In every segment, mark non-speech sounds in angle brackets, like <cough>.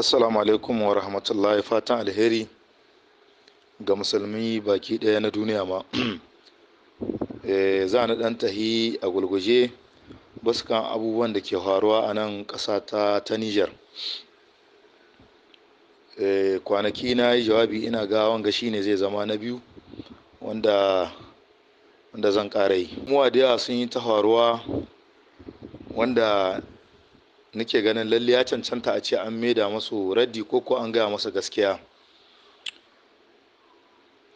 assalamu alaikum wa rahmatullahi fatan alheri ga musulmi baki ɗaya na duniya ma <clears throat> eh, za na ɗan tahi a gulguje basu abubuwan da ke faruwa a nan ƙasa ta ta niger eh, kwanaki na yi jawabi ina ga wanga ne zai zama na biyu wanda wanda zan ƙara yi muwa da yawa sun yi ta faruwa wanda nake ganin lalle ya cancanta a ce an maida masu raddi ko ko an gaya masa gaskiya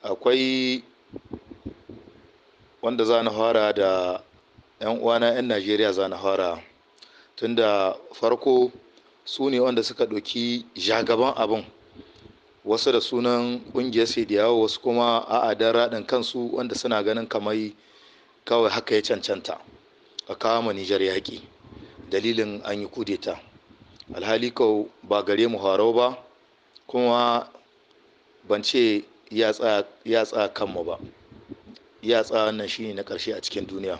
akwai wanda za na fara da 'yan uwana 'yan najeriya za na fara tunda farko su ne wanda suka ɗauki jagaban abin wasu da sunan ƙungiyar yawo wasu kuma a'adar raɗin kansu wanda suna ganin kamai kawai haka ya cancanta a kawo ma nijar yaƙi dalilin an yi kudeta alhali kau ba gare mu haro ba kuma ban ce ya tsaya kanmu ba ya tsaya wannan shi na ƙarshe a cikin duniya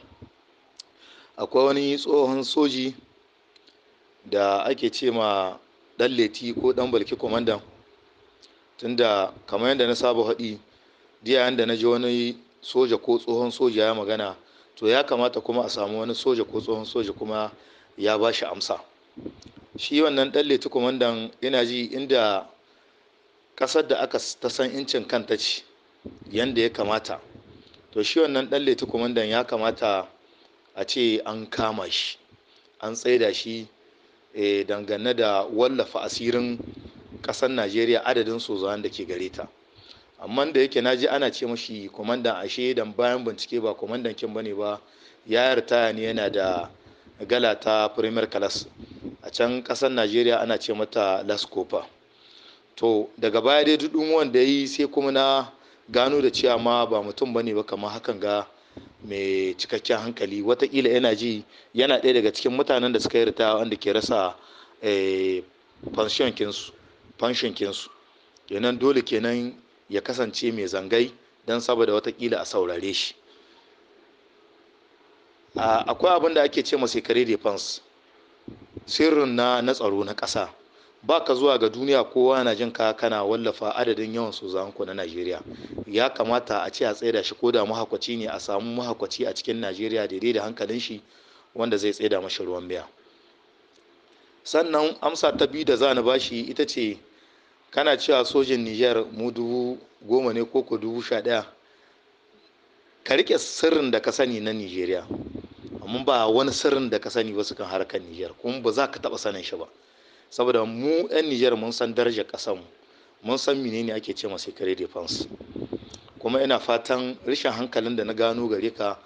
akwai wani tsohon soji da ake ce ma ɗan leti ko ɗan balki kwamandan tunda kamar yadda na saba haɗi diya yadda na ji wani soja ko tsohon soja ya magana to ya kamata kuma a samu wani soja ko tsohon soja kuma ya ba shi amsa shi wannan ɗan leti kwamandan yana ji inda kasar da aka ta san incin ta ce yadda ya kamata to shi wannan ɗan leti kwamandan ya kamata a ce an kama shi an tsaida shi e dangane da wallafa asirin ƙasar najeriya adadin sozawan da ke gare ta amma da yake na ji ana ce mashi kwamandan ashe dan bayan bincike ba kwamandan kin bane ba ya yarda ne yana da gala ta premier class a can kasar najeriya ana ce mata laskofa to daga baya dai dudun wanda ya yi sai kuma na gano da cewa ma ba mutum ne ba kamar hakan ga mai cikakken hankali watakila yana ji yana ɗaya daga cikin mutanen da suka yi rita wanda ke rasa fanshon eh, kinsu kenan dole kenan ya kasance mai zangai don saboda watakila a saurare shi akwai abin da ake ce ma kare defense sirrin na na tsaro na ƙasa ba ka zuwa ga duniya kowa na jin ka kana wallafa adadin yawan sozanku na najeriya ya kamata a ce a tsaida shi ko da mahakwaci ne a samu mahakwaci a cikin najeriya daidai da hankalin shi wanda zai tsaida mashi ruwan biya sannan amsa ta biyu da za ni bashi ita ce kana cewa sojin niger mu dubu goma ne ko ku dubu sha ɗaya ka rike sirrin da ka sani na Nijeriya amma ba wani sirrin da ka sani ba su kan harkar Nijar kuma ba za ka taɓa sanin shi ba saboda mu 'yan Nijar mun san darajar ƙasar mu mun san menene ake ce ma secret defense kuma ina fatan rashin hankalin da na gano gare ka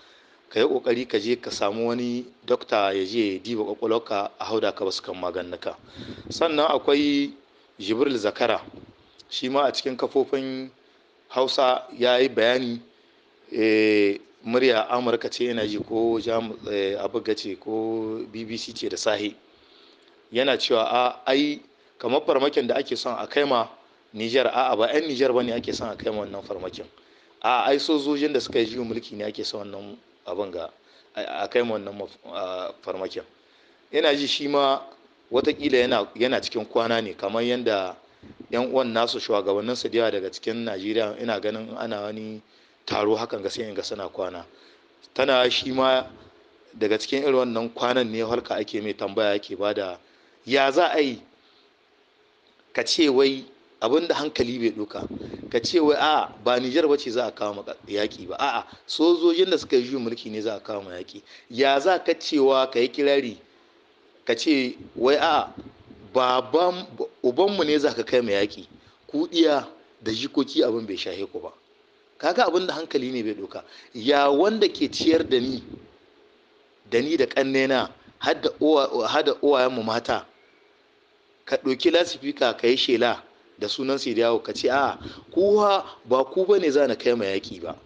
ka yi kokari ka je ka samu wani dokta ya je ya diba kwakwalwarka a hauda ka basu kan maganinka sannan akwai jibril zakara shi ma a cikin kafofin hausa ya yi bayani Eh, murya amurka ce yana ji ko eh, abuga ce ko bbc ce da sahi yana cewa a ai kamar farmakin da ake son a kai ma nijar a'a ba 'yan nijar ba ne ake son a kai ma wannan farmakin a ai sojojin da suka yi juyin mulki ne ake son wannan abin ga a kai ma wannan farmakin yana ji shi ma watakila yana cikin kwana ne kamar yadda 'yan uwan nasu shugabannin su da daga cikin najeriya ina ganin ana wani taro hakan ga sai ga suna kwana tana shi ma daga cikin irin wannan kwanan ne halka ake mai tambaya ake bada ya za a yi ka ce wai abin da hankali bai ɗuka ka ce wai a'a ba Nijar ba ce za a kawo yaƙi ba a'a sojojin da suka yi juyin mulki ne za a kawo yaƙi ya za ka cewa ka yi kirari ka ce wai a'a baban ne za ka kai mu yaƙi kuɗiya da jikoki abin bai shahe ku ba kaga abin da hankali ne bai ɗauka? ya wanda ke ciyar da ni da ni da ƙannena hada uwayen mu mata ka ɗauki lasifika ka yi shela da sunan sai yawo ka ce a kuwa ba ku ba ne za na kai ma yaƙi ba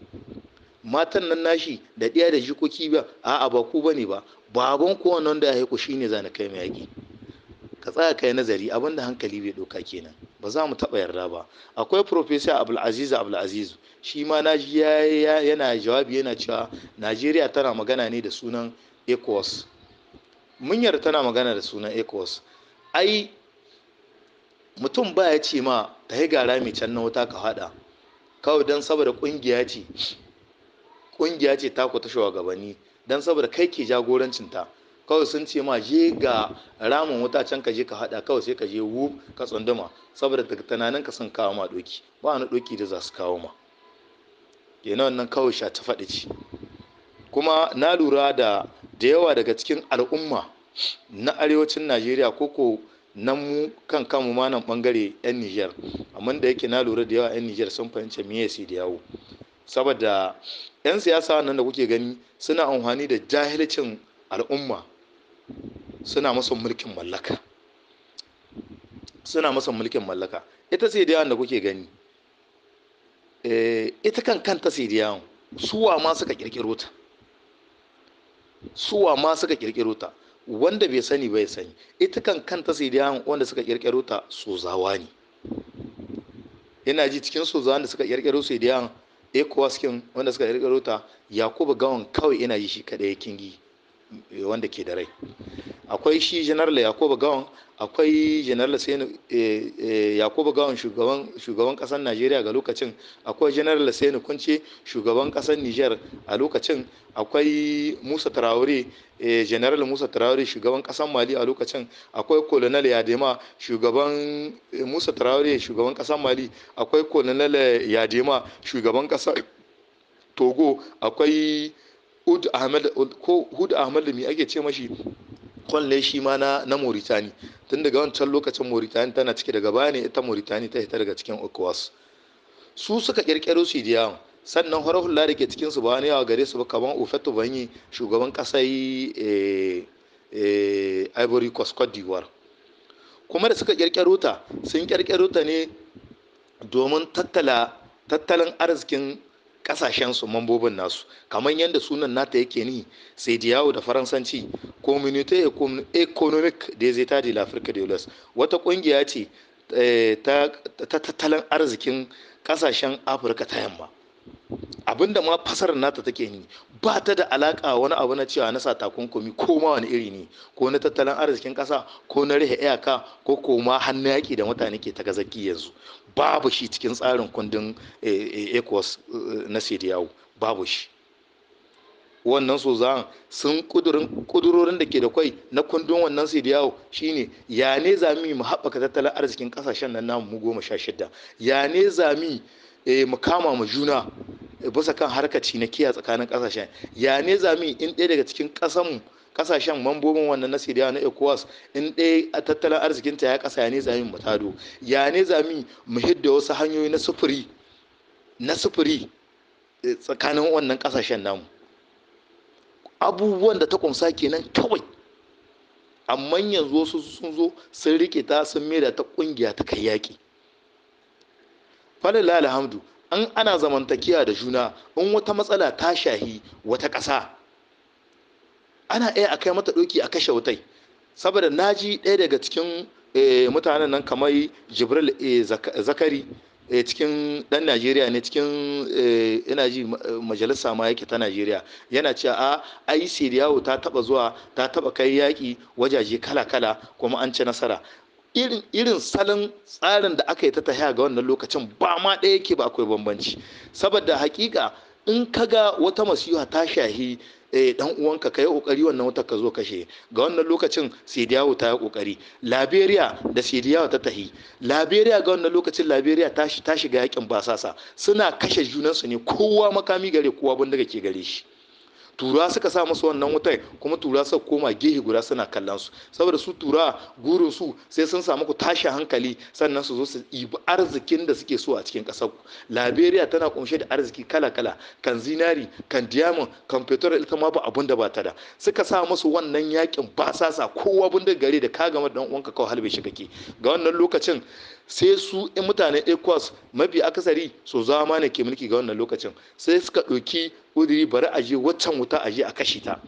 matan nan nashi da ɗaya da jikoki ba a'a ba ku ba ne ba baban kuwa nan da ya haiku shi ne za na kai ma yaƙi ka tsaya ka yi nazari abin da hankali bai ɗauka kenan ba za mu taɓa yarda ba akwai professor abdulaziz abdulaziz shi ma yana jawabi yana cewa najeriya tana magana ne da sunan ecowas Munyar tana magana da sunan ecos ai mutum ba ya ce ma ta yi gara mai can na wuta ka haɗa kawai don saboda ƙungiya ce ta ku ta shugabanni don saboda kai ke jagorancinta kawai sun ce ma je ga ramin wuta can ka je ka hada kawai sai ka je wu ka tsunduma saboda daga tunanin ka sun kawo ma doki ba wani doki da za su kawo ma yana wannan kawai sha ta faɗi ce kuma na lura da da yawa daga cikin al'umma na arewacin najeriya ko nan mu kan kanmu ma nan bangare yan niger amma da yake na lura da yawa yan niger sun fahimci me yasi da yawo saboda yan siyasa nan da kuke gani suna amfani da jahilcin al'umma suna masa mulkin mallaka suna masa mulkin mallaka ita sai da da kuke gani eh, ita kan kanta sai da suwa ma suka kirkiro ta suwa ma suka kirkiro ta wanda bai sani bai sani ita kan kanta sai da wanda suka kirkiro ta zawa ne yana ji cikin zawa da suka kirkiro sai da yawon eh, ekowaskin wanda suka kirkiro ta yakubu gawan kawai yana yi shi kadai kingi Eh, wanda ke da rai akwai shi general yakubu gawon akwai general sani eh, eh, yakubu gawon shugaban kasar najeriya ga lokacin akwai general sani kunce shugaban kasar niger a lokacin akwai musa traore general musa traore shugaban kasar mali a lokacin akwai colonel yadema shugaban musa traore shugaban kasar mali akwai colonel yadema shugaban kasar togo akwai Hudu Ahmed ko Hud da ake ce mashi kwal shi ma na Moritani tun daga wancan lokacin Moritani tana cike daga baya ne ita Moritani ta hita daga cikin okwas su suka kirkiro su da sannan hula da ke cikin su ba wani yawa gare su ba kamar Ufeto Banyi shugaban kasar eh, eh, Ivory Coast Cote d'Ivoire kuma da suka kirkiro ta sun kirkiro ta ne domin tattalin arzikin Ƙasashen su mambobin nasu kamar yadda sunan nata yake ni sai diyawo da faransanci communauté économique des états de l'afrique de l'ouest wata kungiya ce eh, ta tattalin arzikin kasashen afirka ta yamma abinda ma fasarar nata take ni ba ta da alaka wani abu na cewa na sa takunkumi ko ma wani iri ne ko na tattalin arzikin ƙasa ko na rihe iyaka ko koma hannu yaƙi da mutane ke ta gazaki yanzu babu shi cikin tsarin kundin eh, eh, Ecos eh, na cdao babu shi wannan za sun kudurorin da ke da kwai na kundin wannan sidiyawo shine ya ne zami mu haɓaka tattalin arzikin ƙasashen nan namu mu goma sha shida ya ne zami mu kama mu juna bisa kan harkaci na kiya tsakanin ƙasashen ya ne zami in ɗaya daga cikin ƙasanmu kasashen mambobin wannan na siriya na ecowas in ɗaya a tattalin arzikinta ya ƙasa ya ne zami mu tado ya ne zami mu hidda wasu hanyoyi na sufuri na sufuri eh, tsakanin wannan kasashen namu abubuwan da ta kumsa kenan kawai amma yanzu wasu sun zo sun rike ta sun maida ta kungiya ta kai yaƙi falilai alhamdu an ana zamantakiya da juna in wata matsala ta shahi wata ƙasa ana iya a kai mata doki a kashe wutai saboda na ji ɗaya daga cikin eh, mutanen nan kamar jibril eh, zakari eh, cikin dan najeriya ne cikin ina ji majalisa ma yake ta najeriya yana cewa a ah, ai yawo ta taba zuwa ta taba kai yaƙi wajaje kala-kala kuma an ci nasara irin irin salon tsarin da aka yi ta tahiya ga wannan lokacin ba ma ɗaya yake ba akwai bambanci saboda hakika in kaga wata masiha ta shahi eh dan uwanka kai kokari wannan wutar ka zo kashe ga wannan lokacin sidiyawo ta yi kokari liberia da sidiyawo ta tahi liberia ga wannan lokacin liberia ta shiga yakin basasa suna kashe junansu ne kowa makami gare kowa bindiga ke gare shi tura suka sa masu wannan wutai kuma tura suka koma gehe guda suna kallon su saboda su tura gurin su sai sun samu ku tashi hankali sannan su zo su ibi arzikin da suke so a cikin kasar ku liberia tana kunshe da arziki kala kala kan zinari kan diamond kan petrol ita ma ba abun da ba ta da suka sa masu wannan yakin basasa kowa bunda gare da ka game da dan uwanka kawai halbe shi kake ga wannan lokacin sai su mutanen ecos mafi akasari su zama ke mulki ga wannan lokacin sai suka ɗauki udiri bari a je waccan wuta a je a kashe ta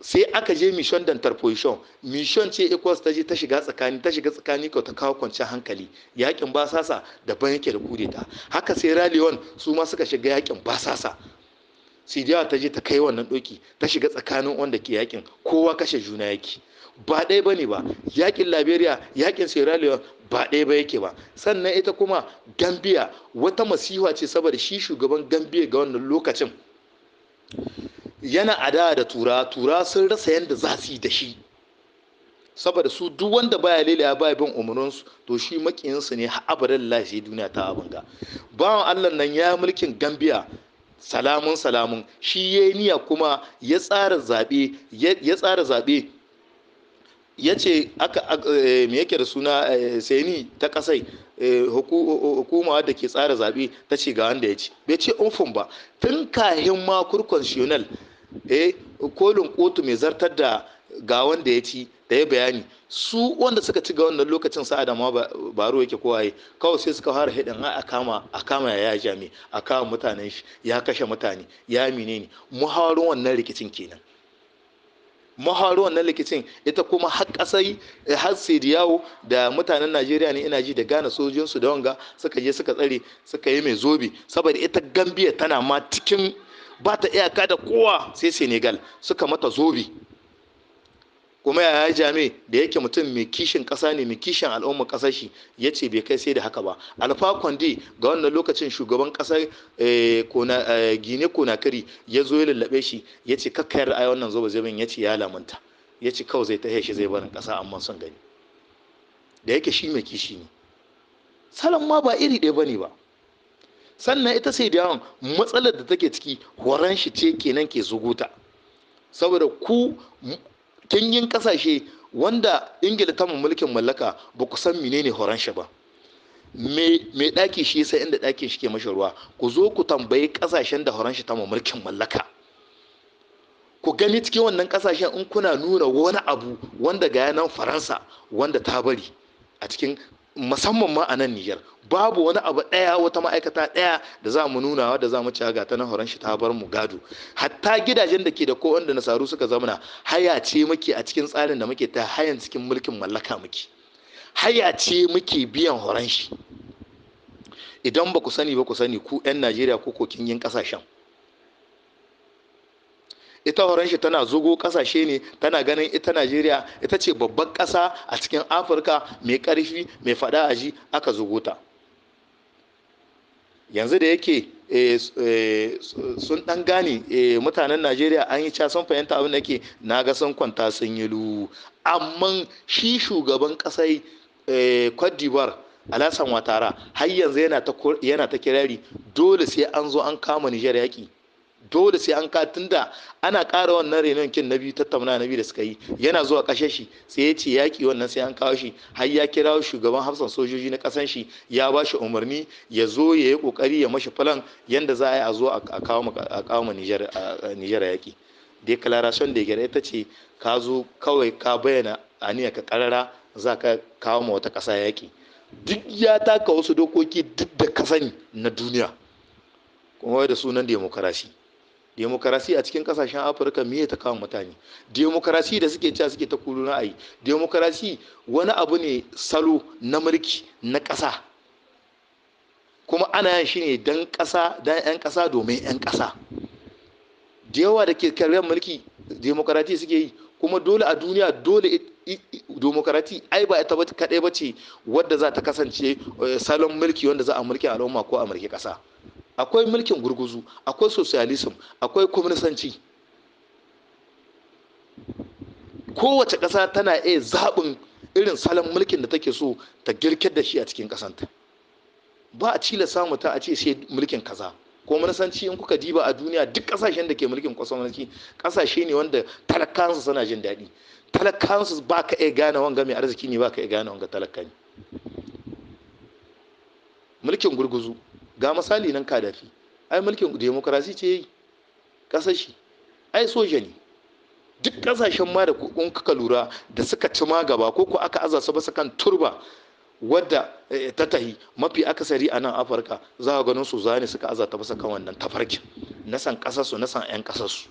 sai aka je mission da interposition mission ce ecos ta je ta shiga tsakani ta shiga tsakani ka ta kawo kwanciyar hankali yakin basasa ban yake da kudeta haka sai raleon su ma suka shiga yakin basasa sidiya ta je ta kai wannan doki ta shiga tsakanin wanda ke yakin kowa kashe juna yake ba ɗaya ba ne ba yakin liberia yakin sierra leone ba ɗaya ba yake ba sannan ita kuma gambia wata masiha ce saboda shi shugaban gambia ga wannan lokacin yana ada da tura tura sun rasa yadda za su yi da shi saboda su duk wanda baya ya baya bin umarninsu to shi makiyinsu ne har abadan lashe duniya ta abin bawan allah nan ya mulkin gambia salamun salamun shi ya yi niya kuma ya tsara ya tsara zaɓe ya ce eh, me yake da suna eh, seni ta kasai eh, hukuma da ke tsara zaɓe ta ce ga wanda ya ce bai ce umfin ba tun kahin ma eh kolin kotu mai zartar da ga wanda ya ci da ya bayani su wanda suka ci ga wannan lokacin sa da ma baro yake kowaye kawai sai suka fara haɗin a kama a kama ya jami a kama mutanen shi ya kashe mutane ya menene muhawarin wannan rikicin kenan maharo na likicin ita kuma har kasai eh, har yawo da mutanen najeriya ne ina ji da gane sojojinsu da wanga suka je suka tsare suka yi mai zobe saboda ita gambiya tana ma cikin ba ta iyaka da kowa sai senegal suka mata zobi kuma yaya jami da yake mutum mai kishin ƙasa ne mai kishin al'ummar ƙasar shi ya ce bai kai sai da haka ba alfa kwandi ga wannan lokacin shugaban ƙasar gine eh, konakari eh, ya zo ya lallaɓe shi ya ce kakkayar ra'ayi wannan zo ba zai ya ce ya lamunta ya ce kawai zai tahe shi zai barin ƙasa amma son gani da yake shi mai kishi ne salon ma ba iri ɗaya bane ba sannan ita sai da yawan matsalar da take ciki horon shi ce kenan ke zuguta saboda ku Kin yin kasashe wanda ingila ta mulkin mallaka ba ku san menene horon shi ba Me ɗaki shi sai inda ɗakin shi ke mashi ruwa ku zo ku tambayi kasashen da horon shi ta mulkin mallaka ku gani cikin wannan kasashen in kuna nuna wani abu wanda ga yanar faransa wanda ta bari a cikin musamman ma a nan niyyar babu wani abu ɗaya wata ma'aikata ɗaya da za mu nunawa da za mu ci ga ta na horon shi ta bar mu gado hatta gidajen da ke da ko wanda nasaru suka zamana haya ce muke a cikin tsarin da muke ta hayan cikin mulkin mallaka muke haya ce muke biyan horon shi idan ba ku sani ba ku sani ku 'yan najeriya ko kokin yin kasashen ita horon shi tana zugo kasashe ne tana ganin ita najeriya ita ce babban kasa a cikin afirka mai karfi mai fada ji aka zugo ta yanzu da yake eh, eh, sun dan gane eh, mutanen najeriya an yi sun fahimta abin da ke na ga sun kwanta sun yi lu amma shi shugaban kasai cote d'ivoire alasan watara har yanzu yana ta kirari dole sai an zo an kama nijar yaƙi dole sai an ka tunda ana ƙara wannan renon kin na biyu tattauna na biyu da suka yi yana zuwa kashe shi sai ya ce yaƙi wannan sai an kawo shi har ya kira shugaban hafsan sojoji na ƙasan shi ya ba shi umarni ya zo ya yi ƙoƙari ya mashi falon yadda za a yi a zo a kawo ma Nijar yaƙi declaration da gare ita ce ka zo kawai ka bayyana aniyar ka karara za ka kawo ma wata ƙasa yaƙi duk ya taka wasu dokoki duk da ka sani na duniya kuma da sunan demokarasi demokarasi a cikin kasashen afirka miye ta kawo mutane demokarasi da suke cewa suke ta kulu na ayi demokarasi wani abu ne salo na mulki na ƙasa kuma ana yin shi ne don ƙasa don 'yan ƙasa domin 'yan ƙasa da yawa da ke karyar mulki demokarati suke yi kuma dole a duniya dole demokarati ai ba ita kaɗai ba ce wadda za ta kasance eh, salon mulki wanda za a mulki al'umma ko a mulki ƙasa akwai mulkin gurguzu akwai socialism akwai kwamnisanci kowace ƙasa tana iya zaɓin irin salon mulkin da take so ta girkar da shi a cikin ƙasanta ba a cila samu ta a ce sai mulkin kaza ko manasanci in kuka diba a duniya duk ƙasashen da ke mulkin kwasamanci ƙasashe ne wanda talakansu suna jin daɗi talakansu ba ka iya gane wanga mai arziki ne ba ka iya gane wanga talaka ne mulkin gurguzu ga misali nan kadafi ai mulkin demokrasi ce yi ai soja ne duk ƙasashen ma da kun kuka lura da suka ci ma gaba ko ko aka aza su su kan turba wadda eh, ta tahi mafi akasari a nan afirka za a ganin su zane suka aza ta basa kan wannan tafarkin na san ƙasarsu na san 'yan ƙasarsu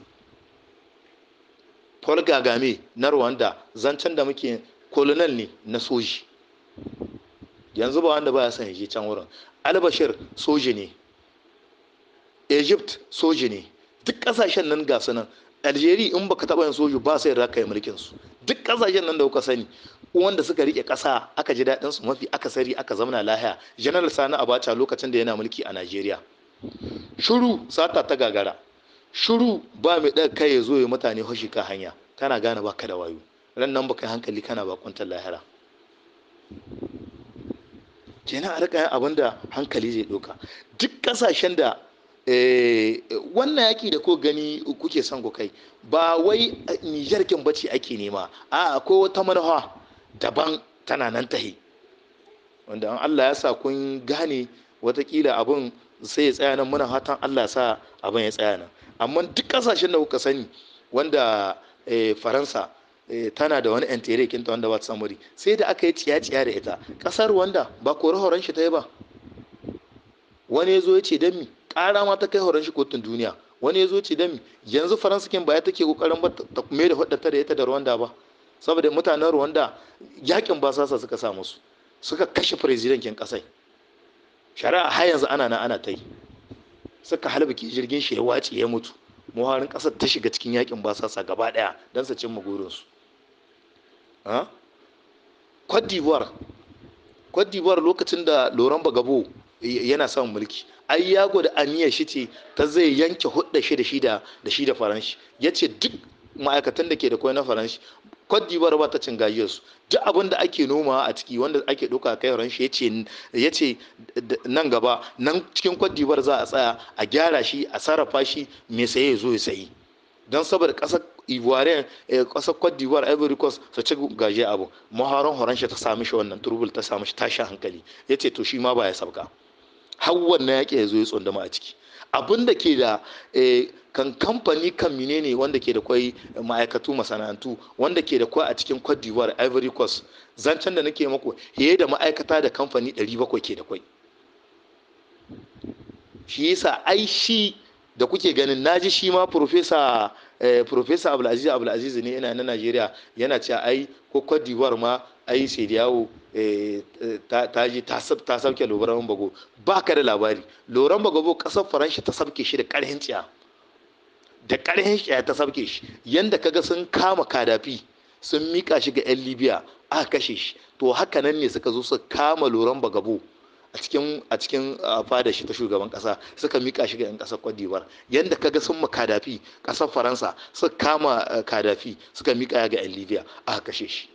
paul gagame na rwanda zancen da muke kolonel ne na soji yanzu ba wanda baya san ya je can wurin albashir soji ne egypt soji ne duk kasashen nan ga nan algeria in baka taba yin soji ba sai raka yi mulkin su duk kasashen nan da kuka sani wanda suka rike kasa aka ji daɗin su mafi akasari aka zamana lahiya general sani abacha lokacin da yana mulki a nigeria shuru sata ta gagara shuru ba mai ɗaga kai ya zo ya mutane hoshi ka hanya kana gane baka da wayo ran nan baka hankali kana bakuntar lahira kenan a rika abin da hankali zai ɗauka duk kasashen da eh, wannan yaki da ko gani kuke son ku kai ba wai nijar kin bace ake nema a akwai wata manufa daban tana nan tahi wanda an Allah ya sa kun gane watakila abin sai ya tsaya nan muna hatan Allah ya sa abin ya tsaya nan amma duk kasashen da kuka sani wanda eh, faransa Eh, tana da wani entere kinta wanda ba ta samuri sai da aka yi ciya-ciya da ita ƙasar wanda ba kori horon shi ta yi ba wani ya zo ya ce don mi ƙara ma ta kai horon shi kotun duniya wani ya zo ce don mi yanzu faransa kin baya take kokarin ba ta kuma da hudata da ita da rwanda ba saboda mutanen rwanda yakin ba sasa suka sa musu suka kashe firizidankin ƙasai shari'a har yanzu ana na ana ta yi suka halbuki jirgin shi ya wace ya mutu muharin ƙasar ta shiga cikin yakin basasa gaba ɗaya don su cimma gurinsu Cote d'Ivoire lokacin da Laurent gabo yana samun mulki ai ya gwada aniyar shi ce ta zai yanke hudda shi da shi da da shi da Faranshi yace duk ma'aikatan da ke da kwai na Faranshi Cote ba ta cin gajiyarsu duk abin da ake noma a ciki wanda ake doka kai ran ya ce nan gaba nan cikin Cote za a tsaya a gyara shi a sarrafa shi mai saye ya zo ya sayi don saboda ƙasar ivoirian eh, ƙasar cote d'ivoire ivory coast su ci gaje abu maharon horon shi ta sami shi wannan turbul ta sami shi tashi hankali ya ce to shi ma ba ya sabka har wannan yaƙi ya zo ya a ciki abin da ke da eh, kan kamfani kan ne wanda ke da kwai ma'aikatu masana'antu wanda ke da kwai a cikin cote d'ivoire ivory coast zancen da nake muku fiye da ma'aikata da kamfani 700 ke da kwai shi yasa ai shi da kuke ganin naji shi ma profesa Eh, professor abdulaziz abdulaziz ne yana na najeriya yana cewa ai ko kwadiwar ma ai sai yawo eh, ta ji ta sauke loran bago ba ka da labari loran bago kasar faransa ta sauke shi da karhin tsiya da karhin tsiya ta sauke shi yanda kaga sun kama kadafi sun mika shi ga yan libya aka kashe shi to haka nan ne suka zo su kama loran bagabo a cikin a cikin fada shi ta shugaban kasa suka mika shi ga yan kasar kwadiwar d'Ivoire yanda kaga sun mu kadafi kasar Faransa suka kama eh, kadafi suka mika ga yan Libya a kashe shi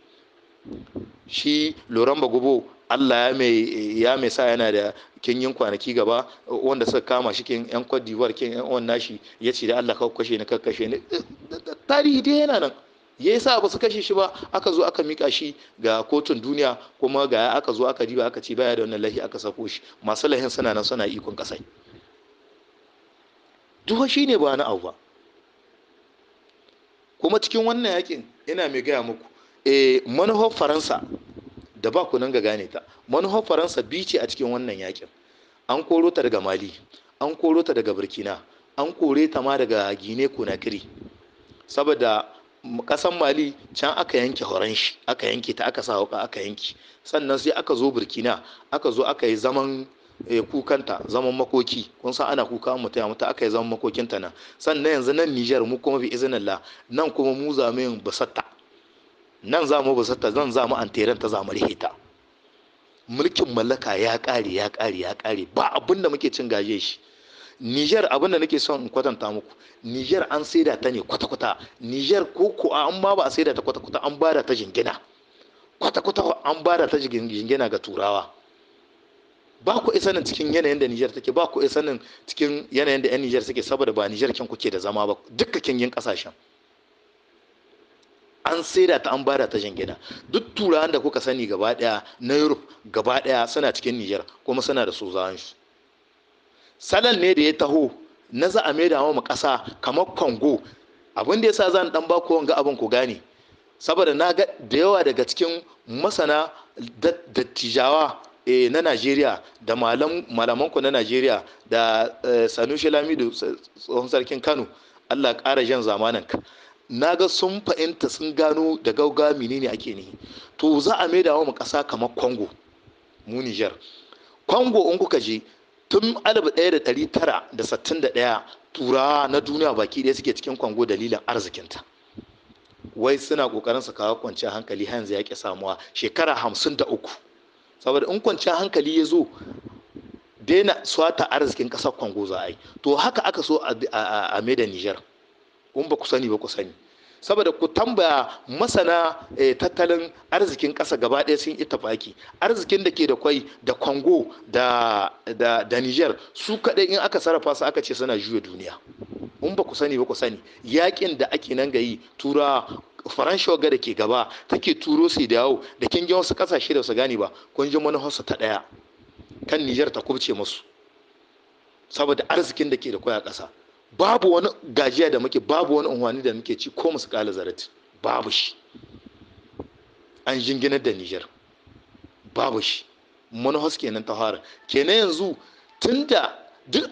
shi Laurent Gbagbo Allah ya mai ya mai sa yana da kinyin kwanaki gaba wanda suka kama shi kin yan Cote d'Ivoire kin yan uwan nashi yace da Allah ka kashe ni ka kashe ni eh, tarihi dai yana nan ya sa ba su kashe shi ba aka zo aka mika shi ga kotun duniya kuma ga ya aka zo aka riba aka ce baya da wannan lahi aka sako shi masu lahin suna nan suna ikon kasai duka shi ne ba na abu ba kuma cikin wannan yakin ina mai gaya muku e eh, manuhar faransa da ba ku nan ga gane ta manuhar faransa ce a cikin wannan yakin an koro ta daga mali an koro ta daga burkina an kore ta ma daga gine konakiri saboda kasan mali can aka yanke horon shi aka yanke ta aka sa wuka aka yanke sannan sai aka zo burkina aka zo aka yi zaman eh, kukanta zaman makoki kun san ana kuka mu taya mata aka yi zaman makokinta nan sannan yanzu nan Niger mu kuma bi iznillah nan kuma mu za mu yin basatta nan za mu basatta zan za mu anteran ta za mu ta mulkin mallaka ya kare ya kare ya kare ba abin da muke cin gaje shi Niger abin da nake son in kwatanta muku Niger an saida ta ne kwata-kwata Niger ko ko an ma ba a saida ta kwata-kwata an bada ta jingina kwata-kwata an bada ta jingina ga turawa ba ku isa nan cikin yanayin da Niger take ba ku isa nan cikin yanayin da 'yan Niger suke saboda ba Niger kin kuke da zama ba dukkan kingin kasashen an saida ta an bada ta jingina duk turawan da kuka sani gaba daya na Europe gaba daya suna cikin Niger kuma suna da su zawan shi salon ne da ya taho na za a maida mu ƙasa kamar kongo abin da ya sa zan dan bako wanga abin ku gane saboda na ga da yawa daga cikin masana dattijawa e, na najeriya da malamanku na najeriya da eh, sanushi lamidu eh, tsohon sarkin kano allah ƙara jan zamanin ka na ga sun fahimta sun gano da gauga menene ake ne to za a maida mu ƙasa kamar kongo mu nijar kongo in kuka je tun 1961 turawa na duniya baki ɗaya suke cikin kwango dalilin arzikinta wai suna ƙoƙarin su kawo kwanciyar hankali yanzu ya ƙi samuwa shekara hamsin da uku saboda in kwanciyar hankali ya zo daina swata arzikin ƙasar kwango za a yi to haka aka so a mai da nijar in ba ku sani ba ku sani saboda ku tambaya masana eh, tattalin arzikin ƙasa gaba ɗaya sun itafaki arzikin da ke da kwai da kwango da da niger su kaɗai in aka sarrafa su aka ce suna juya duniya in ba ku sani ba ku sani yakin da ake nan gayi tura faransha da ke gaba take turo su da yawo da kin wasu ƙasashe da su gani ba kun ji manufarsa ta ɗaya kan niger ta kubce masu saboda arzikin da ke da kwai a ƙasa babu wani gajiya da muke babu wani unwani da muke ci ko musu kala zarat babu shi an jingina da Nijar babu shi Mun manhas kenan tahara kenan yanzu tunda duk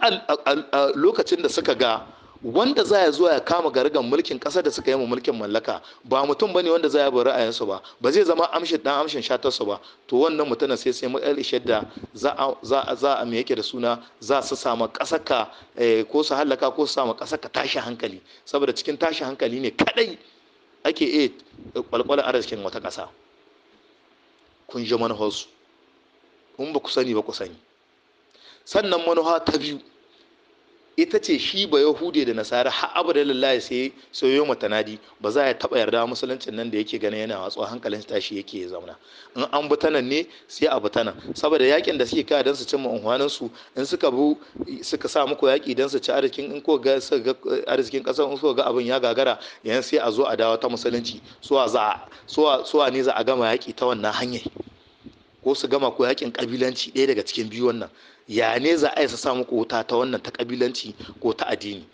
lokacin da suka ga wanda za ya zo ya kama garigan mulkin ƙasar da suka yi mu mulkin mallaka ba mutum bane wanda za ya bi ra'ayinsu ba ba zai zama amshin dan amshin shatarsu ba to wannan mutumin sai sai matsalishe da za a za yake da suna za su sama ƙasarka eh, ko su hallaka ko su sama ƙasarka tashi hankali saboda cikin tashi hankali ne kadai ake iya kwalkwalar arzikin wata ƙasa kun in ba ku sani ba ku sani sannan manufa ta biyu ita ce shi ba yahude da nasara har abada lillahi sai soyayyo matanadi ba za ya taba yarda musuluncin nan da yake ganin yana watsuwa hankalin tashi yake ya zauna in an bi tanan ne sai a bi tanan saboda yakin da suke kaya don su cimma unhwanin su in suka bu suka sa muku yaki don su ci arzikin in ko ga arzikin kasar in suka ga abin ya gagara yan sai a zo a dawo ta musulunci suwa za suwa ne za a gama yaki ta wannan hanyar ko su gama ko yakin kabilanci ɗaya daga cikin biyu wannan ya ne za a yi su sa ta wannan ta kabilanci ko ta addini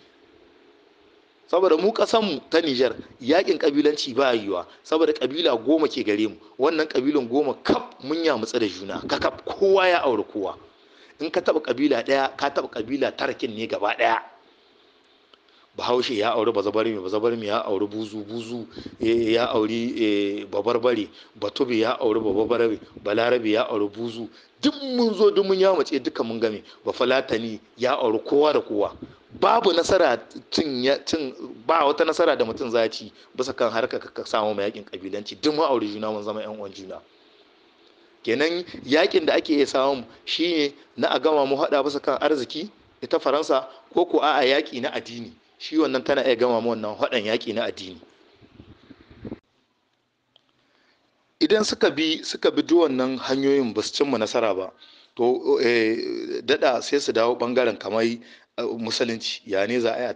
saboda mu mu ta Nijar yakin kabilanci ba yiwa saboda kabila goma ke gare mu wannan kabilan goma kaf mun ya mutsa da juna kakaf kowa ya aure kowa in ka taba kabila daya ka taba kabila tarakin ne gaba daya bahaushe ya auri bazabarmi bazabarmi ya auri buzu buzu eh, eh, ya auri eh, babarbare batubi ya auri babarbare balarabe ya auri buzu duk mun zo duk mun ce duka mun game ba falatani ya auri kowa da kowa babu nasara cin ba wata nasara da mutum za ci bisa kan harka ka samu mai yakin kabilanci duk mun auri juna mun zama yan uwan juna kenan yakin da ake samu shine na a gama mu hada bisa kan arziki ita faransa ko ko a'a yaki na addini shi wannan tana iya gama mu wannan hadan yaki na addini idan suka bi suka bi duk wannan hanyoyin ba su cimma nasara ba to eh, daɗa sai su dawo bangaren kamar Uh, musulunci ya ne za a yi a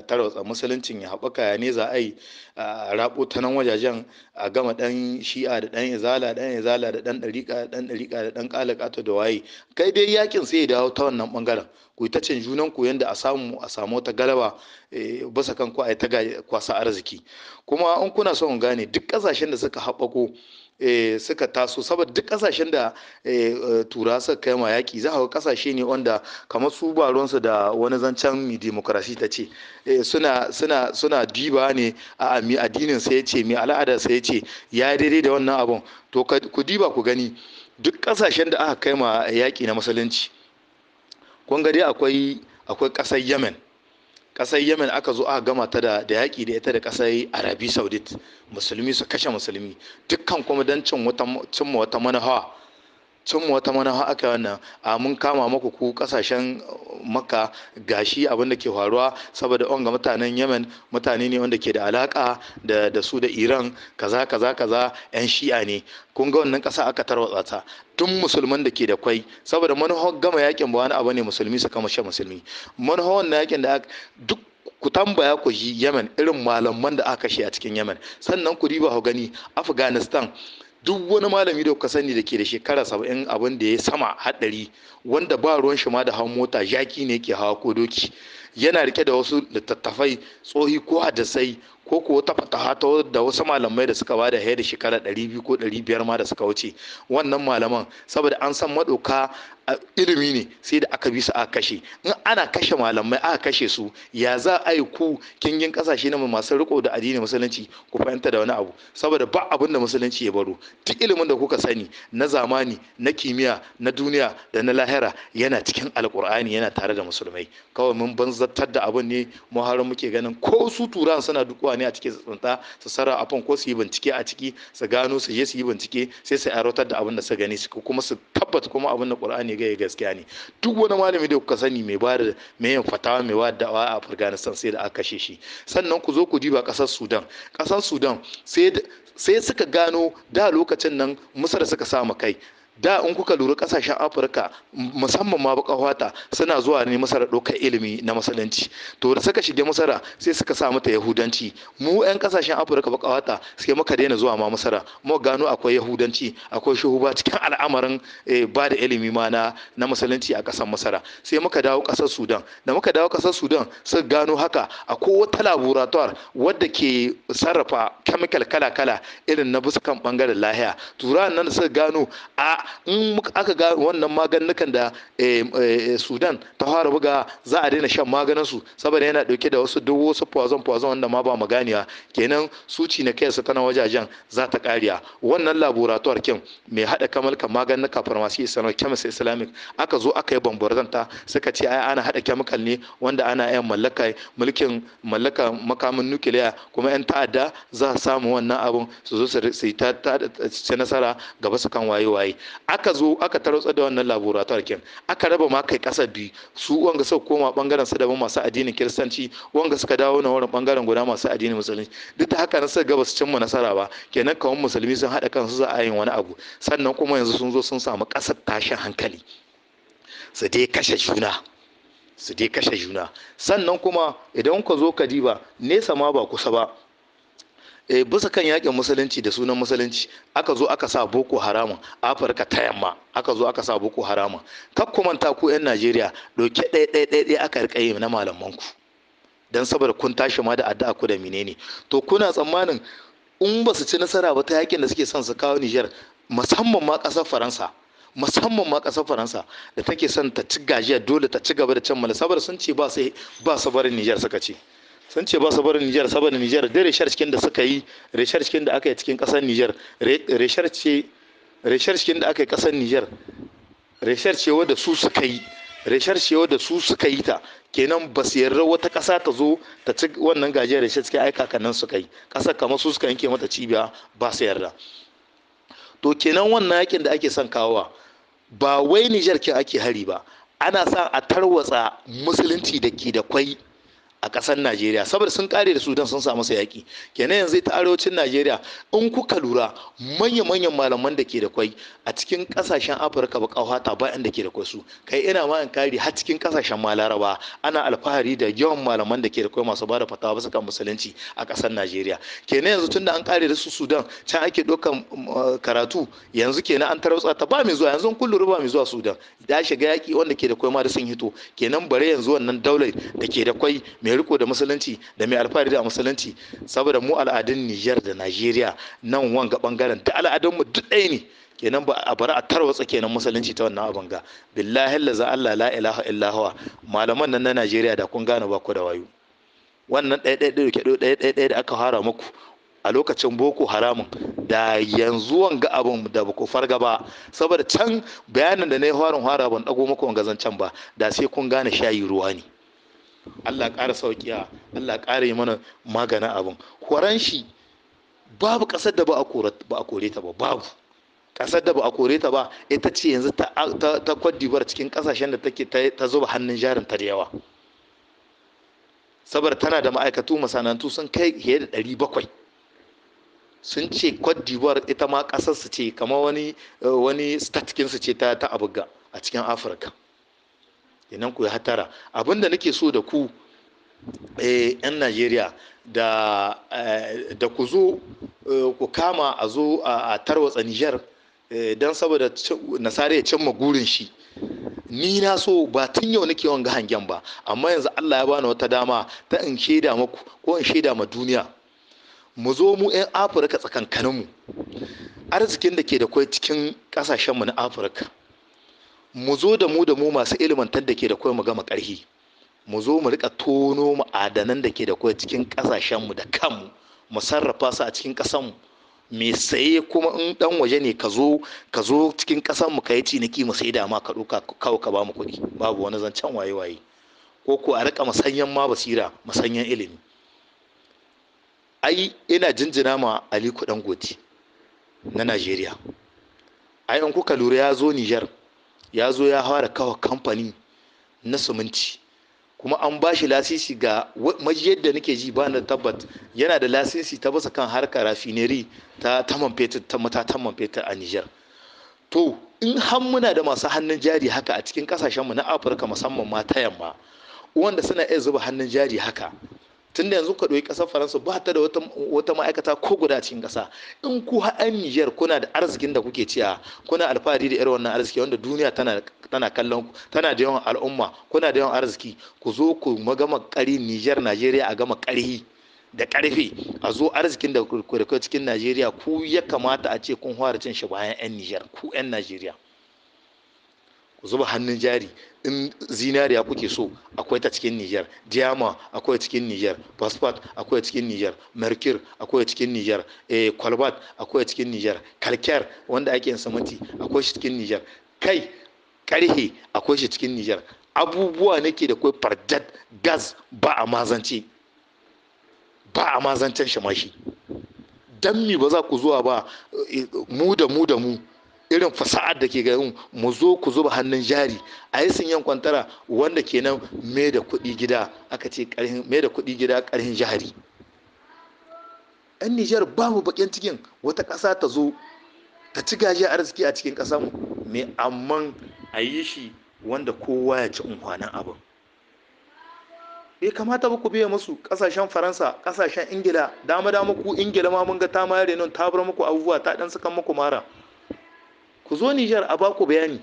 tarwatsa a musuluncin ya haɓaka ya ne za a yi a rabo ta nan wajajen a gama ɗan shi'a da ɗan izala ɗan izala da ɗan ɗariƙa da ɗan ɗariƙa da ɗan da waye kai dai yakin sai ya dawo ta wannan ɓangaren ku ta cin junan ku yanda a samu a samu ta galaba eh, basa kan ku a ta kwasa arziki kuma in kuna son gane duk ƙasashen da suka haɓako Eh, suka taso saboda duk kasashen da eh, eh, tura suka kai ma yaki za a kasashe ne wanda kamar su ba ruwansu da wani zancen mi demokrasi ta ce suna suna diba ne a mi addinin sai ya ce mi al'ada sai ya ce ya daidai da wannan abun to ku diba ku gani duk kasashen da aka kai ma yaƙi na musulunci kun ga dai akwai akwai ƙasar yemen ƙasar yemen aka zo aka gama ta da yaƙi da ita da kasar arabi saudit musulmi su kashe musulmi dukkan kuma don cimma wata manuhawa sun wata manaha aka wannan a mun kama maku ku kasashen uh, maka gashi abin da ke faruwa saboda on ga mutanen yemen mutane ne wanda ke da alaka da, da su da iran kaza kaza kaza yan shi'a ne kun ga wannan kasa aka tarwatsa ta tun musulman da ke da kwai saboda manahon gama yakin ba wani abu ne musulmi su kama shan musulmi manahon wannan yakin da duk ku tambaya ku ji yemen irin malaman da aka kashe a cikin yemen sannan ku riba ku gani afghanistan duk wani malami da kuka sani da ke da shekara saba'in abin da ya sama haɗari wanda ba ruwan shi ma da hawan mota jaki ne ke hawa ko doki yana rike da wasu littattafai tsohi ko hadasai ko ko ta fataha da wasu malamai da suka bada hayar shekara 200 ko 500 ma da suka wuce wannan malaman saboda an san madoka ilimi ne sai da aka bi su aka kashe in ana kashe malamai aka kashe su ya za a yi ku kingin kasashe na masu riko da addini musulunci ku fahimta da wani abu saboda ba abin da musulunci ya baro duk ilimin da kuka sani na zamani na kimiyya na duniya da na lahira yana cikin alkur'ani yana tare da musulmai kawai mun banzartar da abin ne mu har muke ganin ko su turan suna dukuwa mutane a ciki su tsinta su sara afon ko su yi bincike a ciki su gano su je su yi bincike sai su aiwatar da abin da su gani su kuma su tabbata kuma abin da qur'ani ga gaskiya ne duk wani malami da kuka sani mai ba da mai yin fatawa mai ba da da'awa a afghanistan sai da aka kashe shi sannan ku zo ku diba kasar sudan kasar sudan sai sai suka gano da lokacin nan musar suka sa kai da in kuka lura kasashen afirka musamman ma baka fata suna zuwa ne masara ɗaukar ilimi na masalanci to da suka shige masara sai suka sa mata yahudanci mu 'yan kasashen afirka baka fata sai muka daina zuwa ma masara mu gano akwai yahudanci akwai shuhuba cikin al'amarin eh, ba da ilimi ma na na masalanci a ƙasar masara sai muka dawo ƙasar sudan da muka dawo ƙasar sudan sun gano haka akwai wata laboratoire wadda ke sarrafa chemical kala-kala irin na buskan bangaren lahiya turawa nan suka gano a in aka ga wannan maganin da eh, eh, sudan ta fara buga za a daina shan maganin su saboda yana dauke da wasu duk wasu poison poison wanda ma ba maganiya kenan suci na su tana wajajen za ta kariya wannan laboratuwar kin mai hada maganin ka farmasi sanar kemis islamic aka zo aka yi bambarzanta suka ce ai ana hada kemikal ne wanda ana yan mallaka mulkin mallaka makamin nukiliya kuma yan ta'adda za su samu wannan abun su zo su yi ta nasara ga su kan waye waye aka zo aka tarotsa da wannan laboratoire kin aka raba ma kai kasa bi su wanga suka koma bangaren su daban masu addinin kiristanci wanga suka dawo na wurin bangaren guda masu addinin musulunci duk da haka na gaba ga cin cimma nasara ba kenan kawun musulmi sun haɗa kansu za a yin wani abu sannan kuma yanzu sun zo sun samu ƙasar tashin hankali su dai kashe juna su dai kashe juna sannan kuma idan ka zo ka diba nesa ma ba kusa ba e, bisa kan yakin musulunci da sunan musulunci aka zo aka sa boko harama afirka ta yamma aka zo aka sa boko harama, kak manta ku yan najeriya ɗauke ɗaya ɗaya ɗaya ɗaya aka riƙa yi na malaman ku. don saboda kun tashi ma da addu'a ku da menene to kuna tsammanin in ba su ci nasara ba ta yakin da suke son su kawo nijar musamman ma ƙasar faransa musamman ma ƙasar faransa da take son ta ci gajiya dole ta ci gaba da cimma saboda sun ce ba su barin nijar suka ce sun ce ba su barin Nijar saboda Nijar da research kin da suka yi research kin da aka yi cikin kasar Nijar research kin da aka yi kasar Nijar research ce wanda su suka yi research ce wanda su suka yi ta kenan ba su yarda wata kasa ta zo ta ci wannan gajiyar research cikin aika kanan suka yi kasar kamar su suka yanke mata cibiya ba su yarda to kenan wannan yakin da ake son kawowa ba wai Nijar kin ake hari ba ana sa a tarwatsa musulunci da ke da kwai a ƙasar najeriya saboda sun kare da sudan sun samu yaƙi kenan yanzu ta arewacin najeriya in kuka lura manya-manyan malaman da ke da kwai a cikin ƙasashen afirka ba ƙawata ba da ke da kwai su kai ina ma kare har cikin ƙasashen Malaraba ana alfahari da yawan malaman da ke da kwai masu bada da fatawa bisa kan musulunci a ƙasar najeriya kenan yanzu tunda an kare da su sudan can ake ɗaukan eh, karatu yanzu kenan an tarwatsa ta ba mai zuwa yanzu kun lura ba mai zuwa sudan da shiga yaƙi wanda ke da kwai ma da sun hito kenan bare yanzu wannan daular da ke da kwai mai mai riko da musulunci da mai alfahari da musulunci saboda mu al'adun Nijar da Najeriya nan wanga bangaren da al'adun mu duk ɗaya ne kenan ba a bari a tarwatsa kenan musulunci ta wannan abin ga billahi laza Allah la ilaha illa huwa malaman nan na Najeriya da kun gane ba ku da wayo wannan ɗaya ɗaya ɗaya da aka fara muku a lokacin boko haramun da yanzu wanga abin da ba ku farga ba saboda can bayanin da na yi harin hara ban ɗago muku wanga zan can ba da sai kun gane shayi ruwa ne Allah ƙara sauƙiya Allah ƙara yi mana magana abin horon shi babu ƙasar da ba a kore ta ba babu ƙasar da ba a kore ta ba ita ce yanzu ta ta cikin ƙasashen da take ta zuba hannun jarin ta da yawa saboda tana da ma'aikatu masana'antu sun kai fiye da ɗari bakwai sun ce Cote ita ma ƙasarsu ce kamar wani wani ce ta ta abuga a cikin Afirka kenan ku hatara abin da nake so da ku yan eh, najeriya eh, da ku zo eh, ku kama a zo a tarwatsa nijar don saboda nasara ya cimma gurin shi ni na so ba tun yau nake wanga hangen ba amma yanzu allah ya bani wata dama ta in shaida maku ko in shaida ma duniya mu zo mu 'yan afirka tsakankaninmu arzikin da ke da kwai cikin kasashenmu na afirka mu zo da mu da mu masu ilimantar da ke da kawai mu gama ƙarhi mu zo mu rika tono ma'adanan da ke da kawai cikin ƙasashenmu da kan mu sarrafa su a cikin ƙasanmu me saye kuma in dan waje ne ka zo ka zo cikin ƙasan mu ka yi ciniki mu sai ma ka ɗauka kawo ka ba mu kuɗi babu wani zancen waye waye ko ko a rika masanyan ma basira musanyan ilimi ai ina jinjina ma Aliko Dangote na Najeriya ai in kuka lura ya zo Nijar ya zo ya fara kawo kamfani na siminti kuma an ba shi lasisi ga majiyar yadda nake ji ba na tabbat yana da lasisi ta basa kan harka rafineri ta taman fetur ta matatan fetur a Nijar. To in har muna da masu hannun jari haka a cikin kasashenmu na Afirka musamman ma ta yamma wanda suna iya zuba hannun jari haka tun da yanzu ka ɗauki ƙasar faransa ba ta da wata ma'aikata ko guda cikin ƙasa in ku ha'an nijar kuna da arzikin da kuke ciya kuna alfahari da irin wannan arziki wanda duniya tana kallon ku tana da yawan al'umma kuna da yawan arziki ku zo ku magama ƙari nijar nigeria a gama ƙarhi da ƙarfe a zo arzikin da kurkurku cikin najeriya ku ya kamata a ce kun fara cin shi bayan 'yan nijar ku 'yan najeriya ku zuba hannun jari in zinariya kuke so akwai ta cikin Nijar diama akwai cikin Nijar phosphate akwai cikin Nijar mercur akwai cikin Nijar kwalbat eh, akwai cikin Nijar kalkar wanda ake yin samanti akwai shi cikin Nijar kai karhe akwai shi cikin Nijar abubuwa nake da kwai farjat gas ba a mazance ba a mazancen shi ma shi dan ba za ku zuwa ba eh, mu da mu da mu irin fasa'ar da ke garin mu zo ku zuba hannun jari a yi sinyan kwantara wanda kenan me da kuɗi gida aka ce da kuɗi gida ƙarhin jari yan nijar ba mu bakin cikin wata ƙasa ta zo ta ci gajiya arziki a cikin ƙasa mu me amman a yi shi wanda kowa ya ci unkwanan abin bai kamata ba ku biya musu kasashen faransa kasashen ingila dama dama ku ingila ma mun ga ta nan ta bar muku abubuwa ta ɗan saka muku mara ku zo Nijar a baku bayani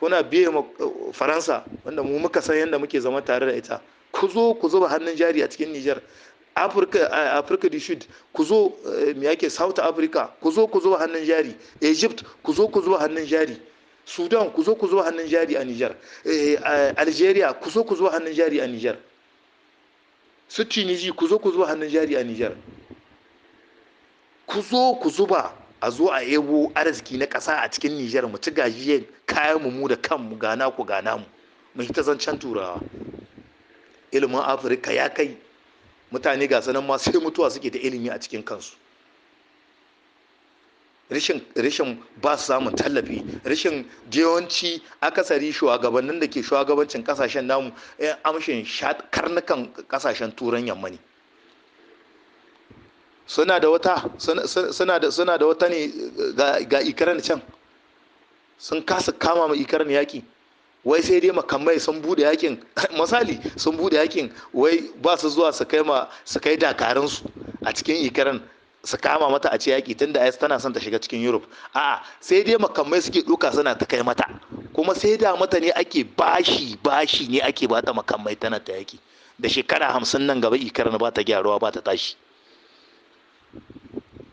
kuna biye eh, Faransa wanda mu muka san yadda muke zama tare da ita ku zo ku zuba hannun jari a cikin Nijar Afirka eh, Afirka du ku zo eh, me yake South Africa ku zo ku zuba hannun jari Egypt ku zo ku zuba hannun jari Sudan ku zo ku zuba hannun jari a Nijar Algeria ku zo ku zuba hannun jari a Nijar su Tunisia ku zo ku zuba hannun jari a Nijar ku zo ku zuba a zo a ebo arziki na ƙasa a cikin Nijar mu ci gajiye kayan mu mu da kan mu gana ku gana mu mu hita zancen turawa ilimin Afirka ya kai mutane ga sanan ma sai mutuwa suke da ilimi a cikin kansu rashin ba su samun tallafi rashin jewanci akasari shugabannin da ke shugabancin kasashen namu eh, amshin karnukan kasashen turan yamma suna da wata suna da wata ne ga ikiran can sun kasa kama ma ikiran yaƙi wai sai dai makamai sun bude yakin <laughs> misali sun bude yakin wai ba su zuwa su kai ma su kai a cikin ikiran su kama mata a ce yaƙi tun da IS tana son ta shiga cikin Europe a sai dai makamai suke ɗuka suna ta kai mata kuma sai da mata ne ake bashi bashi ne ake bata makamai tana ta yaƙi da shekara hamsin nan gaba ikar ba ta gyaruwa ba ta tashi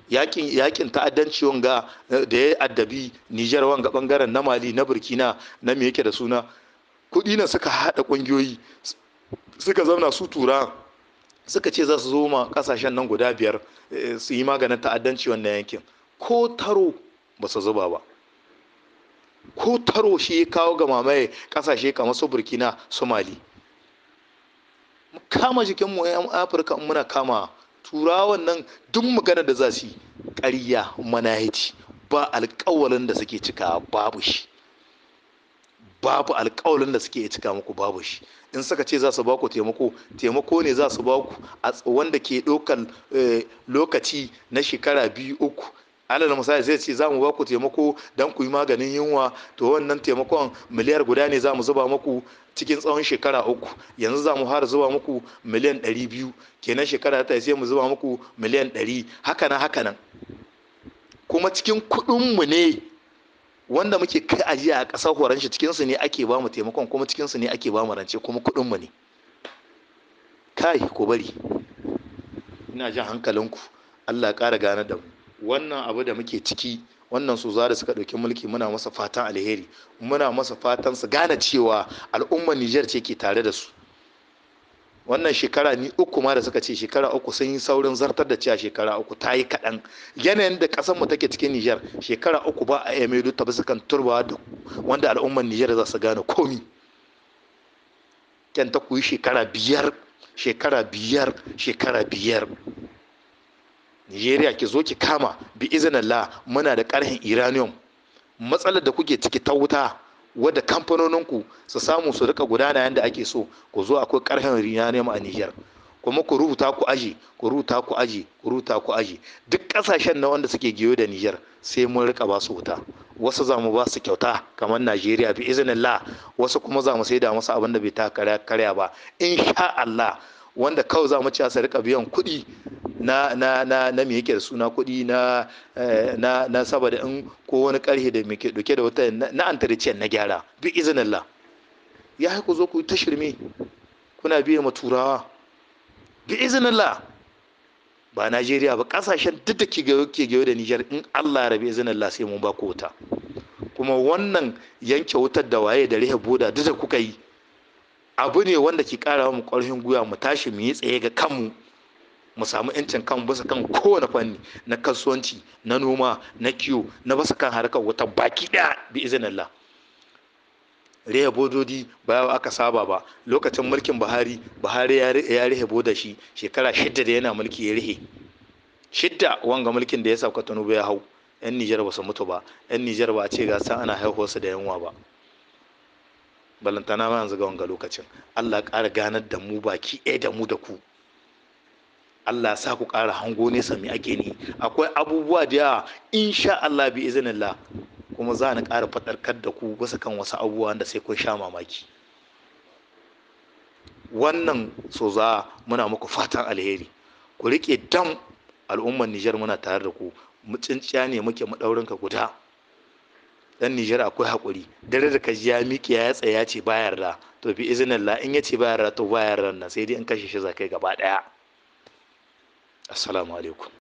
yakin yakin ta'addanci wanga eh, da ya addabi Nijar wanga bangaren na Mali na Burkina na me yake da suna kudi na suka hada kungiyoyi suka zauna su tura suka ce za su zo ma kasashen nan guda biyar eh, su yi maganin ta'addanci wannan yankin ko taro ba su zuba ba ko taro shi ya kawo ga mamaye kasashe kamar su burkina Mali kama jikinmu 'yan afirka muna kama turawan nan duk magana da za su yi ƙarya manahici ba alƙawalin da suke cika babu shi babu alƙawalin da suke cika muku babu shi in suka ce za su ba ku taimako taimako ne za su ba ku a wanda ke ɗaukar eh, lokaci na shekara biyu uku alal misali zai ce za mu ba ku taimako don ku yi maganin yunwa to wannan taimakon miliyar guda ne za mu zuba muku cikin tsawon shekara uku yanzu za mu fara zuba muku miliyan ɗari biyu kenan shekara ta sai mu zuba muku miliyan ɗari hakanan hakanan kuma cikin kuɗinmu ne wanda muke kai ajiya a ƙasar horon shi cikinsu ne ake ba mu taimakon kuma cikinsu ne ake ba mu rance kuma kuɗinmu ne kai ku bari ina jin hankalinku allah ƙara gane da mu wannan abu da muke ciki wannan su da suka ɗauki mulki muna masa fatan alheri muna masa fatan su gane cewa al'ummar Nijar ce ke tare da su wannan shekara ni uku ma da suka ce shekara uku sun yi saurin zartar da cewa shekara uku ta yi kaɗan yanayin da ƙasarmu take cikin Nijar shekara uku ba a yame maido ta kan turba da wanda al'ummar Nijar za su gane komi kyan ta kuyi shekara biyar shekara biyar shekara biyar nigeria ki zo ki kama bi izinallah muna da karhin iranium matsalar da kuke ciki ta wuta wadda kamfanoninku su samu su rika gudana yadda ake so ku zo akwai karhin iranium a niger kuma ku rubuta ku aji ku rubuta ku aji ku rubuta ku aji duk kasashen na wanda suke giyo da Niger sai mun rika ba su wuta wasu za mu ba su kyauta kamar Najeriya bi izinallah wasu kuma za mu sai da musu abin da bai ta karya ba insha Allah wanda kawai za mu ci a rika biyan kuɗi na na na na da suna kuɗi na eh, na na saboda in ko wani karhe da muke doke da wata na antariciyar na gyara duk Allah ya haiku zo ku ta shirme kuna biye ma turawa bi Allah ba najeriya ba kasashen duk da ke gawo da Niger in allah ya rabe Allah sai mun ba ku wuta kuma wannan yanke wutar da waye da rihe boda duk da kuka yi abu ne wanda ke kara mu ƙarfin gwiwa mu tashi mu yi tsaye ga kanmu mu samu yancin kan bisa kan kowane fanni na kasuwanci na noma na kiwo na basa kan harkar wata baki ɗaya. bi Allah rehe bododi ba aka saba ba lokacin mulkin buhari buhari ya rehe boda shi shekara shidda da yana mulki ya rehe shidda wanga mulkin da ya sauka tunubu ya hau yan nijar ba su mutu ba yan nijar ba a ce gasa ana su da yanwa ba balantana ma yanzu ga wanga lokacin allah ƙara ganar da mu baki ɗaya da mu da ku Allah sa ku ƙara hango nesa mai ake ni akwai abubuwa da yawa insha Allah bi izinillah kuma za ni ƙara faɗarkar da ku wasu kan wasu abubuwa da sai kun sha mamaki wannan so za muna muku fatan alheri ku riƙe dam al'ummar Nijar muna tare da ku mu tsinciya ne muke ka guda dan Nijar akwai haƙuri dare da kaji ya miƙe ya tsaya ce bayar da to bi izinillah in ya ce bayar da to bayar da sai dai in kashe shi za kai gaba ɗaya Assalamu alaikum.